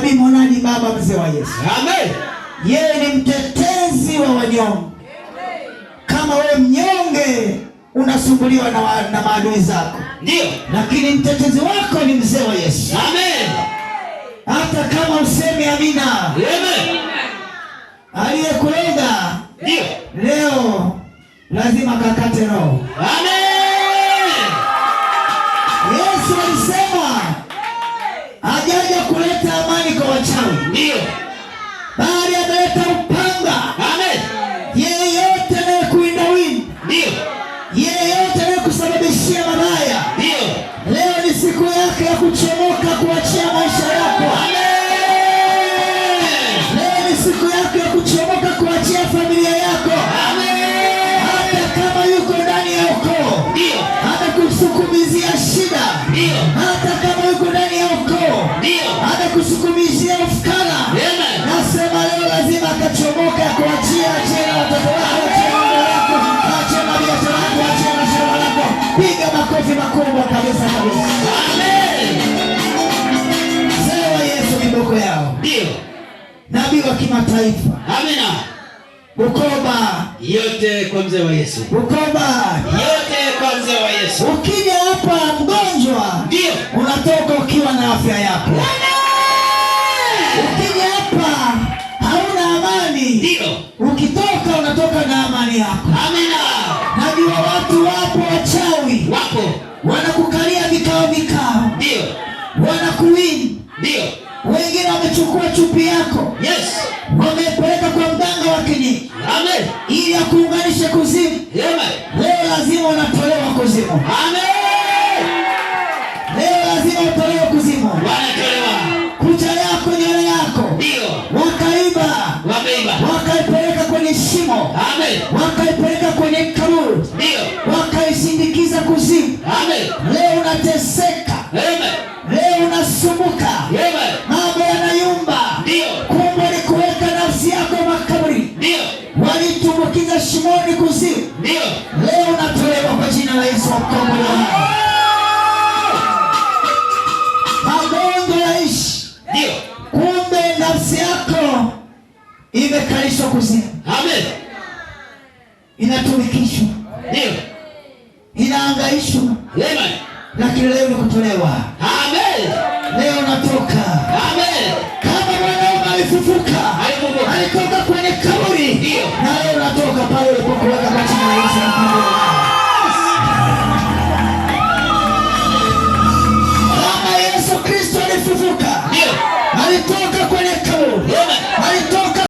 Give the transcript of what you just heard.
nabii Monadi, baba mzee wa Yesu. Amen. Yeye ni mtetezi wa wanyonge. Kama wewe mnyonge unasumbuliwa na, wa, na maadui zako, ndio, lakini mtetezi wako ni mzee wa Yesu. Amen. Hata kama usemi amina, aliyekulenda ndio leo lazima kakate roho. Amen. Yesu alisema aja ataleta amani kwa wachawi, ndio bali ataleta upanga. Amen. kushukumishia ufukara, nasema leo lazima akachomoka kuachia chena watoto wako, achia mume wako, achia mabiashara yako, achia mashamba Piga makofi makubwa kabisa kabisa, sewa Yesu viboko yao. Ndio nabii wa kimataifa, amina. Bukoba yote kwa mzee wa Yesu, Bukoba yote kwa mzee wa Yesu. Ukija hapa mgonjwa, ndio unatoka ukiwa na afya yako. Amen. yako. Amina. Najua watu wapo wachawi, wapo wanakukalia vikao vikao, ndio wanakuwini, ndio wengine wamechukua chupi yako, yes, wamepeleka kwa mganga wa kienyeji, amen, ili akuunganishe kuzimu. Leo lazima unatolewa kuzimu, amen. walipeleka kwenye kaburi, ndio wakaisindikiza kuzimu. Amen. Leo unateseka, amen. Leo unasumbuka, amen. Mambo yanayumba, ndio kumbe ni kuweka nafsi yako makaburi, ndio walitumbukiza shimoni kuzimu, ndio leo unatolewa kwa jina la Yesu mkombozi. Kumbe nafsi yako imekalishwa kuzimu inatumikishwa, ndio inaangaishwa, lakini leo nikutolewa. Amen. Leo natoka. Amen. Kama mwanaume alifufuka alitoka kwenye kaburi, na leo natoka pale